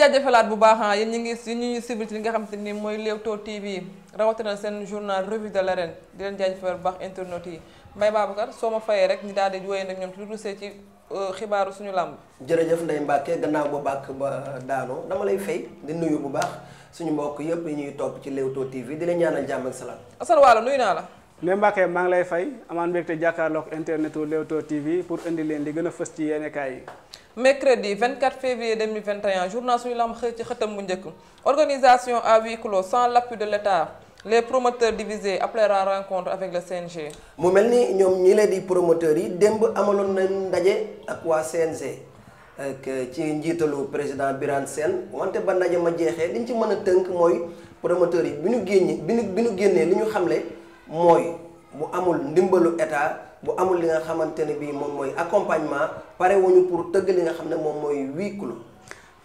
jaajëfalaat bu baax ah yéen ñu ngi si ñu ngi suivre ci li nga xam te ni mooy Leewtoo TV rawatina seen journal revue de l'arène di leen jaajëfal bu baax internet yi Mbaye Babacar soo ma fayee rek ñu daal di wéyee nag ñoom ci lu rusee ci euh, xibaaru suñu làmb. jërëjëf Ndeye Mbacke gannaaw ba bàkk ba daanoo dama lay fay di nuyu bu baax suñu mbokk yëpp yi ñuy topp ci Leewtoo TV di leen ñaanal jàmm ak salaam. asalaamaaleykum nuyu naa la. ne Mbàkke maa ngi lay fay amaan mbégte jàkkaarloog internetu Leewtoo TV pour indi leen li gën a fës ci yéenekaay yi. mercredi 24 février 2021 journal suñu lamb xëy ci xëtam bu njëkk organisation à huis clos sans l'appui de l'État les promoteurs divisés après la rencontre avec le CNG. mu mel ni ñoom ñi leen di promoteurs yi démb amaloon nañ ndaje ak waa CNG ak euh, ci njiitalu président Birane Sène wante ba ndaje ma jeexee li ñu ci mën a tënk mooy promoteurs yi bi ñu génnee bi bi ñu génnee li ñu xamle. mooy bu amul ndimbalu état bu amul li nga xamante ne bii moom mooy accompagnement pare ñu pour tëgg li nga xam ne moom mooy huis clos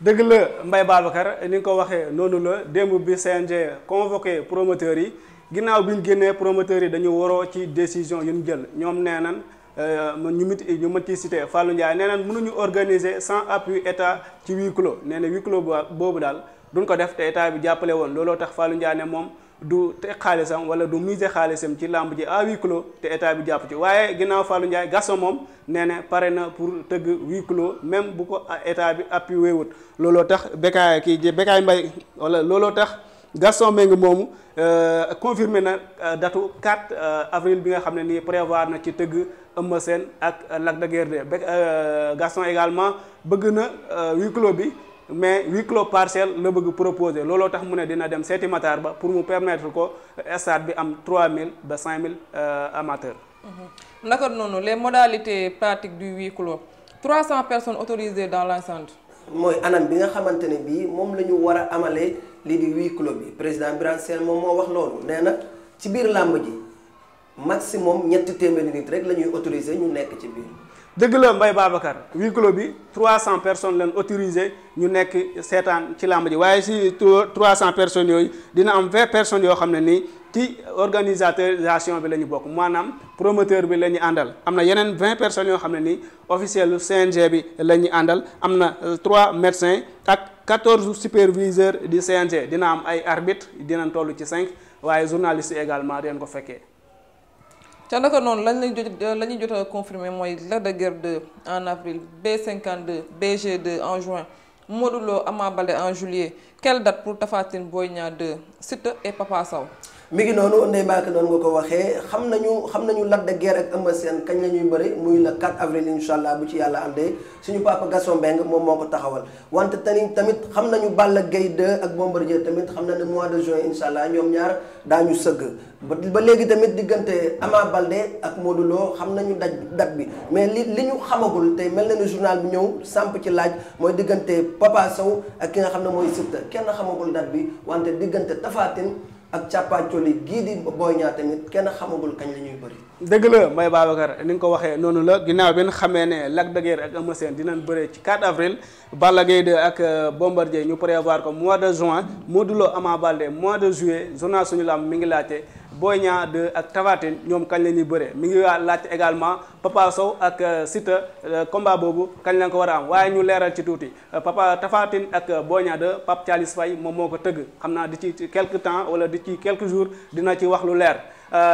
dëgg la Mbaye Babacar ni nga ko waxee noonu la démb bi CNG convoqué promoteurs yi ginnaaw bi ñu génnee promoteurs yi dañu waroo ci décision yi nu jël ñoom nee nañ euh, ñu mit ñu mën ci cité Fallou Ndiaye nee nañ mënuñu organiser sans appui état ci huis clos nee na huis clos boobu daal duñ ko def te état bi jàppale woon looloo tax Fallou Ndiaye moom. du teg xaalisam wala du mise xaalisam ci làmb ji à huis clos te état bi jàpp ci waaye ginnaaw Fallou Ndiaye Gaston moom nee na pare na pour tëgg huis clos même bu ko état bi appuyé wut looloo tax Bécaye kii Bécaye Mbaye wala looloo tax Gaston Mbengue moomu euh, confirmé na euh, datu 4 euh, avril bi nga xam ne nii prévoir na ci tëgg Eumeu seen ak Lac de Guiers 2 Gaston également bëgg na huis clos bi mais huis clos partiel la bëgg proposé looloo tax mu ne dina dem seeti Matar Ba pour mu permettre ko stade bi am mille ba 5000 euh, amateurs. Mm-hmm. naka noonu les modalités pratiques du huis clos cent personnes autorisées dans la centre mooy anam bi nga xamante ne bii moom lañu war a amalee lii di huis clos bi président Birane Sène moom moo wax loolu nee nag ci biir làmb ji maximum ñetti téeméeri nit rek la ñuy autorisé ñu nekk ci biir. dëgg la mbay Babacar huis clos bi trois 300 personnes lan autorisé ñu nekk seetaan ci làmb ji waaye si 300 personnes yooyu dina am 20 personnes yoo xam ne nii ci organisation bi la ñu bokk maanaam promoteur bi la ñu àndal am na yeneen 20 personnes yoo xam ne nii officiel CNG bi la ñu àndal am na 3 euh, médecins ak 14 superviseurs di CNG dina am ay arbitres dinañ toll ci 5 waaye journalistes également dinañ ko fekkee. ca naka noonu lañ lay jot euh, la ñuy jot a confirmé mooy Lac de Guiers 2 en avril B52 BG2 en juin Modou Lo Ama Baldé en juillet quelle date pour Tapha booy Boy Niang 2 et Papa mi ngi noonu Ndeye Mbacke doon nga ko waxee xam nañu xam nañu Lac de Guiers ak Eumeu seen kañ la ñuy bëri muy le 4 avril incha allah bu ci yàlla àndee suñu papa Gaston Mbengue moom moo ko taxawal wante tani tamit xam nañu Balla Gaye 2 ak Bombardier tamit xam na ne mois de juin incha allah ñoom ñaar daañu sëgg ba léegi tamit diggante Ama Baldé ak Modou Lo xam na ñu daj daj bi mais li li ñu xamagul tey mel na ni journal bi ñëw samp ci laaj mooy diggante Papa Sow ak xam ne mooy Siteu kenn xamagul date bi wante diggante Tapha ak càppaacoli gii di Boy Niang tamit kenn xamagul kañ la ñuy bëri. dëgg la Mbaye Babacar ni nga ko waxee noonu la ginnaaw bi nga xamee ne Lac de Guiers ak Eumeu Sène dinañ bëree ci 4 avril Balla Gaye 2 ak euh, Bombardier ñu prévoir ko mois de juin moo duloo Ama Baldé mois de juillet journal suñu lam mi ngi laajte. Boy Niang ak Tapha ñoom kañ la ñuy bëree mi ngi waa laajte également Papa Sow ak euh, Siteu euh, combat boobu kañ la ko war a am waaye ñu leeral ci tuuti euh, Papa tafaatin ak Boy Niang 2 Pape Thialis moom moo ko tëgg xam naa di ci quelque temps wala di ci quelques jours dina ci wax lu leer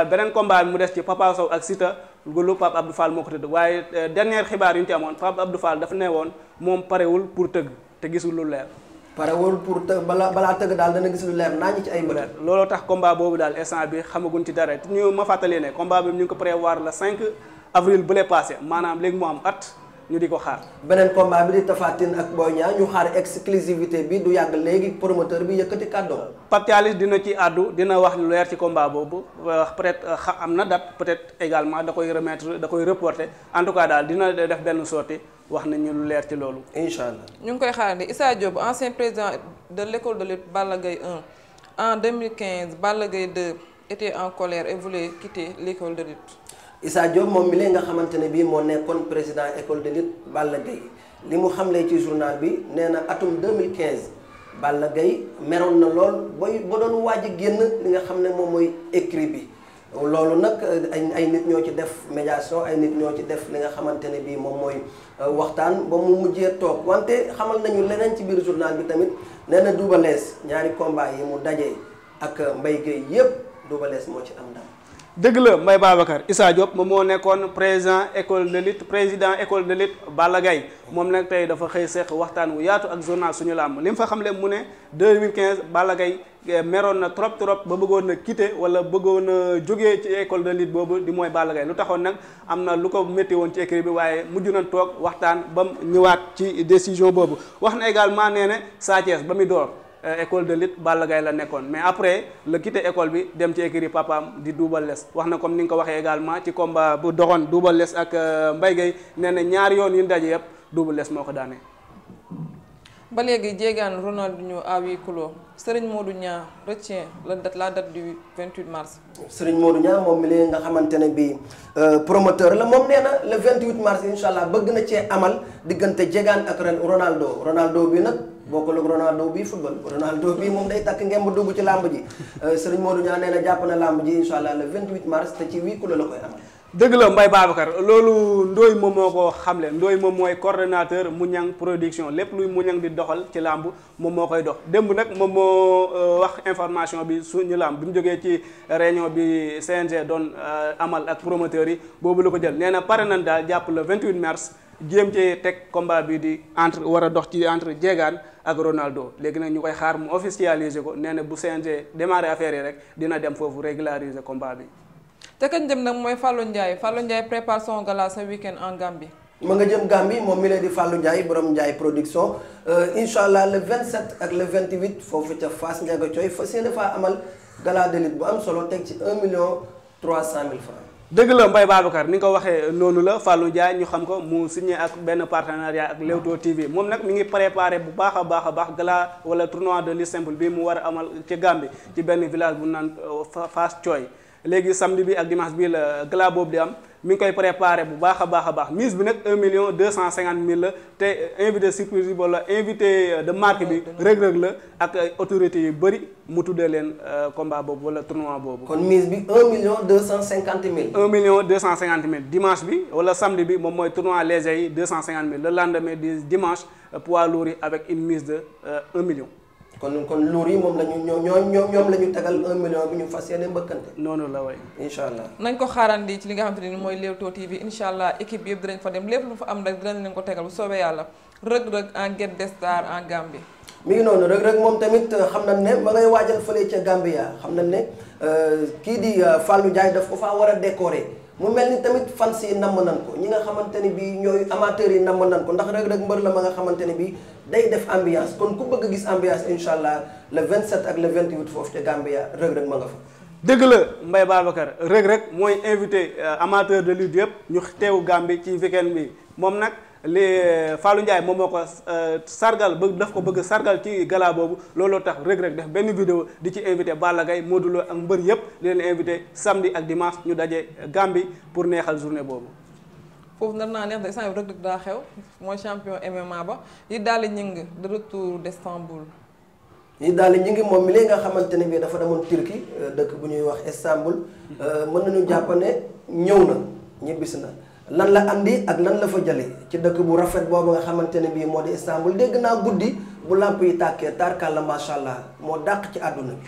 beneen combat mu des ci Papa Sow ak Siteu gulu Pape du Fall moo ko tëdd waaye dernière xibaar yu ñu ci amoon ab Abdou Fall dafa ne woon moom parewul pour tëgg te gisul lu leer parewul pour të balaa balaa tëgg daal dana gis lu leer naa ñi ci ay mbër. looloo tax combat boobu daal instant bi xamaguñ ci dara ñu ma fàttalee ne combat bi ñu ngi ko prévoir le 5 avril bu lay passé maanaam léegi mu am at. ñu di ko xaar beneen combat bi di Tapha Tine ak Boy Niang ñu xaar exclusivité bi du yàgg léegi promoteur bi yëkkati kàddoom Pape Thialis dina ci àddu dina wax lu leer ci combat boobu euh, peut-être euh, am na date peut-être également da koy remettre da koy reporter en tout cas daal dina def benn sortie wax nañu lu leer ci loolu. incha allah ñu ngi koy xaarandi Issa Diop ancien président de l' école de lutte Balla Gaye 1 en 2015 Balla Gaye 2 était en colère et voulait quitter l' école de lutte. Issa Diop moom mi lee nga xamante ne bii moo nekkoon président école de lutte Balla Gaye li mu xam xamlee ci journal bi nee na atum 2015 Balla Gaye meroon na lool booy ba doon waaj génn li nga xam ne moom mooy écrit bi loolu nag ay ay nit ñoo ci def médiation ay nit ñoo ci def li nga xamante ne bii moom mooy Euh, waxtaan ba mu mujjee toog wante xamal nañu leneen ci biir journal bi tamit nee na Double ñaari combat yi mu daje ak Mbaye Guèye yëpp Double Less moo ci am ndam dëgg la Mbaye Babacar Issa Diop moo nekkoon président école de lutte président école de lutte Balla moom nag tey dafa xëy seq waxtaan wu yaatu ak journal suñu làmb li mu fa xamle mu ne 2015 Balla Gaye eh, meroon na trop trop ba bëggoon na quitter wala bëggoon na jóge ci école de lutte boobu di mooy Balla Gaye lu taxoon nag am na lu ko métti woon ci écrit bi waaye mujj na toog waxtaan ba mu ñëwaat ci décision boobu wax na également nee ne Sa ba mu door. Euh, école de lutte Balla Gaye la nekkoon mais après la quitté école bi dem ci écurie papaam di Double Less wax na comme ni nga ko waxee également ci combat bu doxoon Double Less ak euh, Mbaye Gueye nee na ñaari yoon yu ñu daje yëpp Double moo ko daanee. ba léegi jéegaan Ronaldinho à huis clos Serigne Modou Niang retient la date la date du 28 mars. Serigne Modou Niang moom mi léegi nga xamante ne bii euh, promoteur la moom nee na le 28 mars incha allah bëgg na cee amal diggante jéegaan ak Ronaldo Ronaldo bi nag. bokkul ak Ronaldo bii football Ronaldo bii moom day takk ngemb dugg ci làmb ji euh, Serigne Modou Niang nee na jàpp na làmb ji incha allah le 28 mars te ci huis clos la koy amal. dëgg la mbay Babacar loolu Ndoye moom moo ko xamle ndooy moom mooy mu Mouniang production lépp luy Mouniang di doxal ci làmb moom moo koy dox démb nag moom moo euh, wax information bi suñu làmb bi mu jógee ci réunion bi CNG doon euh, amal ak promoteurs yi boobu la ko jël nee na pare nañ daal jàpp le 28 mars. jéem cee teg combat bi di entre war dox ci entre Diegane ak Ronaldo léegi nag ñu koy xaar mu officialiser ko nee na bu CNG démarrer affaire yi rek dina dem foofu régulariser komba bi. te kañ dem nag mooy Fallou Ndiaye Fallou Ndiaye prépare son gala ce week en Gambie. ma nga jëm Gambie moom mi leen di Fallou Ndiaye borom Ndiaye production euh, incha allah le 27 ak le 28 foofu ca Fass Ndiaga Thioye fas yéene faa amal gala de lutte bu am solo teg ci 1 million 300 mille francs. dëgg la Mbaye Babacar ni nga ko waxee noonu la Fallou Dia ñu xam ko mu signé ak benn partenariat ak Leewtoo TV moom nag mu ngi préparé bu baax a baax a baax gala wala tournoi de lutte simple bi mu war a amal ci Gambie ci benn village bu naan euh, Fass Thioy léegi samedi bi ak dimanche bi la gala boobu di am. mi ngi koy préparé bu baax a baax a baax mise bi nag un million deux cent cinquante mille la te invité surprise bi wala invité de marque bi rëg-rëg ah, la ak ay yi bëri mu tuddee leen euh, combat boobu wala tournoi boobu kon mise bi un million deux cent cinquante mille un million dimanche bi wala samedi bi moom mooy tournoi léger yi deux cent cinquante mille le lendemain du dimanche euh, poids lourd yi avec une mise de euh, un million kon kon luur yi moom lañu ñu ñoo ñoom ñoom la ñu tegal un million bi ñu fas yéene mbëkkante. noonu la waay incha allah. nañ ko xaarandi ci li nga xamante ne mooy Leewtoo TV incha allah équipe yëpp dinañ fa dem lépp lu fa am rek dinañ leen ko tegal bu soobee yàlla rëg-rëg en Guet des Stars en Gambie. mi ngi noonu rëg-rëg moom tamit euh, xam na ne ma ngay waajal fële ca Gambia xam na ne euh, kii di euh, Fallou Ndiaye daf ko faa war a décorer. mu mel ni tamit fans yi namm nan ko ñi nga xamante ni bii ñooy amateurs yi namm nan ko ndax Reug Reug mbër la ma nga xamante ni bii day def ambiance kon ku bëgg gis ambiance incha allah le 27 ak le 28 foofu ca Gambia Reug Reug ma nga fa. dëgg la mbay Babacar Reug Reug mooy invité euh, amateur de lutte yëpp ñu teewu Gambie ci weekend bi moom nag. li euh, Fallou Ndiaye moom moo ko euh, sargal ba daf ko bëgg sargal ci gala boobu looloo tax Reug rek def benn vidéo di ci invité Balla gay Modou Lo ak mbër yëpp di leen invité samedi ak dimanche ñu daje gàmbi pour neexal journée boobu. foofu nar naa neex de instant daa xew mooy champion MMA ba yi daal di ñëng de retour d'Istanbul. lii daal ñu ngi moom mi léegi nga xamante ne bii dafa demoon Turquie euh, dëkk bu ñuy wax Istanbul mën nañu jàpp ne ñëw na ñibbisi na. lan la andi ak lan la fa jële ci dëkk bu rafet boobu nga xamante ne bii moo di Istanbul dégg naa guddi bu làmp yi tàkkee tarkalla macha allah moo dàq ci àdduna bi.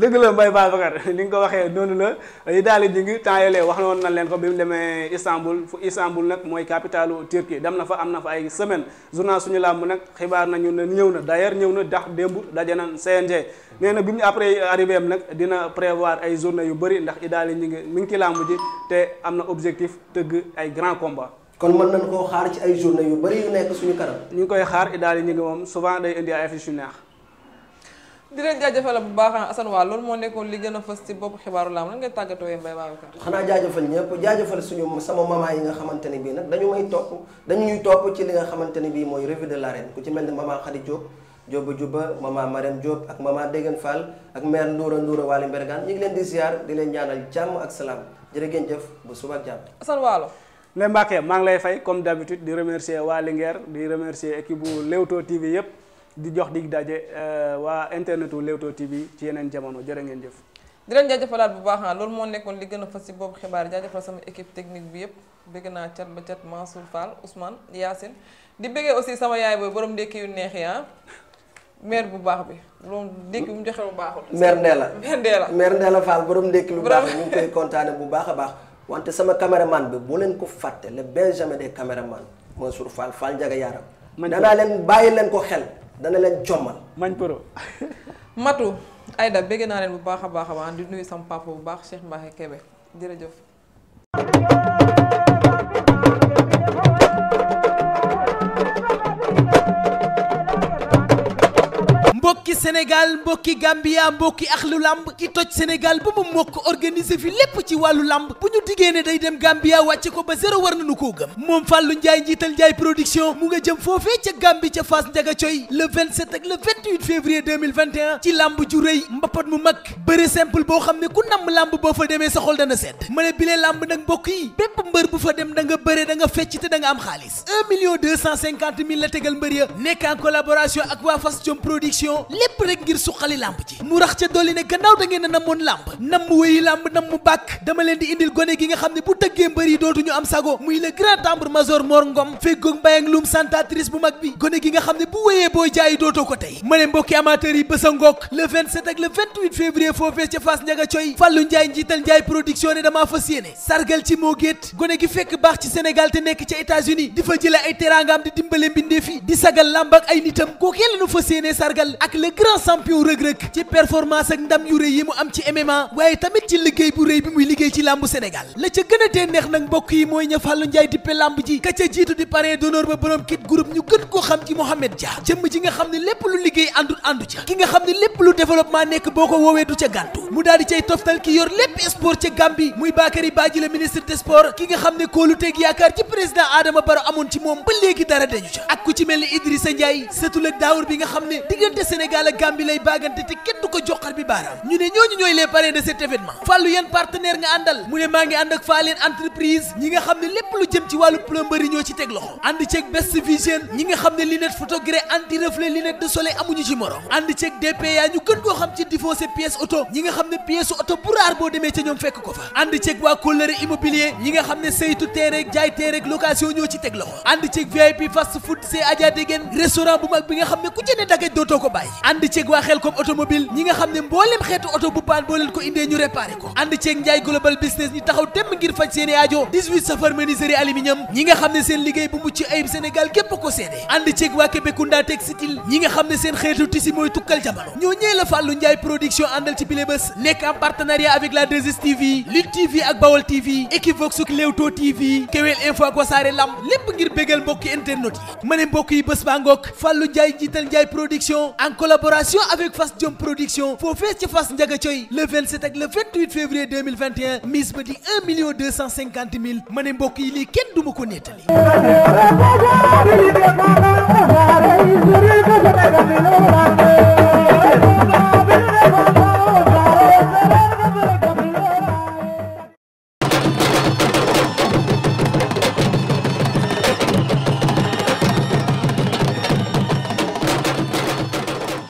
dëgg la Mbaye Babacar li nga ko waxee noonu la yi daal di ngi temps yooyu wax noonu na leen ko bi mu demee Istanbul fu Istanbul nag mooy capitalu Turquie dem na fa am na fa ay semaine journal suñu làmb nag xibaar nañu ne ñëw na d'ailleurs ñëw na dax démb daje na CNG. nee na bi mu après arrivé am nag dina prévoir ay journée yu bëri ndax i daal di ngi mi ngi ci làmbu ji te am na objectif tëgg ay grand kon mën nañ koo xaar ci ay journée yu bari yu nekk suñu kanam. ñu ngi koy xaar Idaly ñu ngi moom souvent day indi ay affiches yu neex. di leen jaajëfal waa loolu moo nekkoon li gën a fës ci bopp xibaaru laam lan ngay tàggatoo yéen Mbaye Babacar xanaa jaajëfal ñëpp jaajëfal suñu sama mama yi nga xamante ne bii nag dañu may topp li nga xamante ne bii mooy revue de l'arène ku ci mel ni mama Khady Diop Diop Juba mama Marème Diop ak mama Degen Fall ak mère Ndoura Ndoura Waly Mbergane ñu ngi leen di ziar di leen ñaanal jàmm ak salaam jërë ngeen jëf bu suba ak jàmm Assane Waalo Ndeye Mbacke maa ngi lay fay comme d'habitude di remercier waa Linguère di remercier équipe bu Leewtoo TV yëpp di jox dig daje euh, waa internetu Leewtoo TV ci yeneen jamono jërë ngeen jëf. di leen jaajëfalaat bu baax ah, loolu moo nekkoon li gën a fës si boobu xibaar jaajëfal sama équipe technique bi yëpp bëgg naa cat ba cat Mansour Fall Ousmane Yacine di bëggee aussi sama yaay booy borom ndekki yu neex yi ah. mère bu baax bi loolu ndékki bu mu joxe bu baaxul. mère Ndéla mère Ndéla mère Ndéla Fall borom ndékki lu baax ñu kontaane bu baax a baax. wante sama caméraman bi bu leen ko fàtte le benjamin des caméramans Mansour Fall Fall Njaga Yaaram. danaa leen bàyyi leen ko xel dana leen jommal. mañ pro matu Aïda bëgg naa leen bu baax a baax a baax di nuyu sam papa bu baax Cheikh Mbacké Kébé jërëjëf. Sénégal mbokki Gambia mbokki ax lu lamb ki toj Sénégal ba mu mokk organiser fi lépp ci wàllu làmb bu ñu diggee ne day dem Gambia wàcce ko ba zéro war na nañu koo gëm moom Fallou Ndiaye njiital Ndiaye production mu nga jëm foofee ca Gambie ca Fass Ndiaga Coy le 27 ak le 28 février 2021 ci lamb ju rëy mbapat mu mag bëre simple boo xam ne ku namm làmb boo fa demee sa xol dana sedd ma ne bile lamb nag mbokk yi bépp mbër bu fa dem da nga bëre da nga fecc te da nga am xaalis 1 million 250 mille la tegal mbër ya nekk en collaboration ak waa Fass Jom lépp rek ngir suqali làmb ji mu rax ca dolli ne gannaaw da ngeen a namoon làmb namm wéyi làmb namm bàkk dama leen di indil gone gi nga xam ne bu tëggee mbër yi dootuñu am sago muy le grand tambour major Mor Ngom feggoog mbayang lum santatrice bu mag bi gone gi nga xam ne bu wéyee boo jaayi dootoo ko tey ma ne mbokki amateurs yi bés a ngook le 27 ak le 28 février foofee ca Fass Ndiaga Coy Fallou Ndiaye njiital Ndiaye production ne damaa fas yéene sargal ci moo géet gone gi fekk baax ci Sénégal te nekk ca États-Unis fa jële ay teraangaam di dimbale mbindeef yi di sagal làmb ak ay nitam kookee lañu fas yéene sargal ak le grand champion rëg-rëg ci performance ak ndam yu rëy yi mu am ci MMA waaye tamit ci liggéey bu rëy bi muy liggéey ci làmb Sénégal la ca gën neex nag mbokk yi mooy ña Fallou Ndiaye dippe làmb ji ka ca jiitu di parrain d'honneur ba borom kit groupe ñu gën koo xam ci Mohamed Dia jëmm ji nga xam ne lépp lu liggéey àndul àndu ca ki nga xam ne lépp lu développement nekk boo ko woowee du ca gàntu Diouf mu daal di cay toftal ki yor lépp sport ca Gambie muy Bakary Badji la ministre des sports ki nga xam ne kóolu teg yaakaar ci président Adama Barrow amoon ci moom ba léegi dara dañu ca ak ku ci mel ni Idrissa Ndiaye sëtul ak daawur bi nga xam ne diggante Sénégal ak Gambie lay baagante te kenn ko joxar bi baaraam ñu ne ñooñu ñooy les parrains de cet événement fàllu yan partenaire nga àndal mu ne maa ngi ànd ak Faaleen entreprise ñi nga xam ne lépp lu jëm ci xam ne pièce oto bu raar boo demee ca ñoom fekk ko fa ànd ceeg waa kóllëre immobilier ñi nga xam ne saytu teereeg jaay teereeg location ñoo ci teg loxo ànd ceeg VIP fast food c'est Adja ne ku ci ne dagaj ñi nga xam ne mbooleem xeetu oto bu paan boo leen ko indee ñu réparé ko ànd ceeg Njaay global business ñi taxaw temm ngir faj seeni aajo 18 safar menuiserie aluminium ñi nga xam ne seen liggéey bu mucc ayib Sénégal gépp ko seede ànd ceeg waa Kébécounda textile nga xam ne seen xeetu tisi mooy tukkal jamono ñoo Buzz nekk partenariat avec la 2STV Lutte TV ak Bawol TV Equivox ak Leewtoo TV Kewel Info ak Wassare Lamb lépp ngir bégal mbokk internet ma ne mbokk yi bés ba ngoog Fallou Ndiaye jiital Ndiaye production en collaboration avec Fass Diom production foofee ci Fass Ndiaga Coy le 27 ak le 28 février 2021 mise ba di 1 million 250 mille ma ne mbokk yi lii kenn duma ko nettali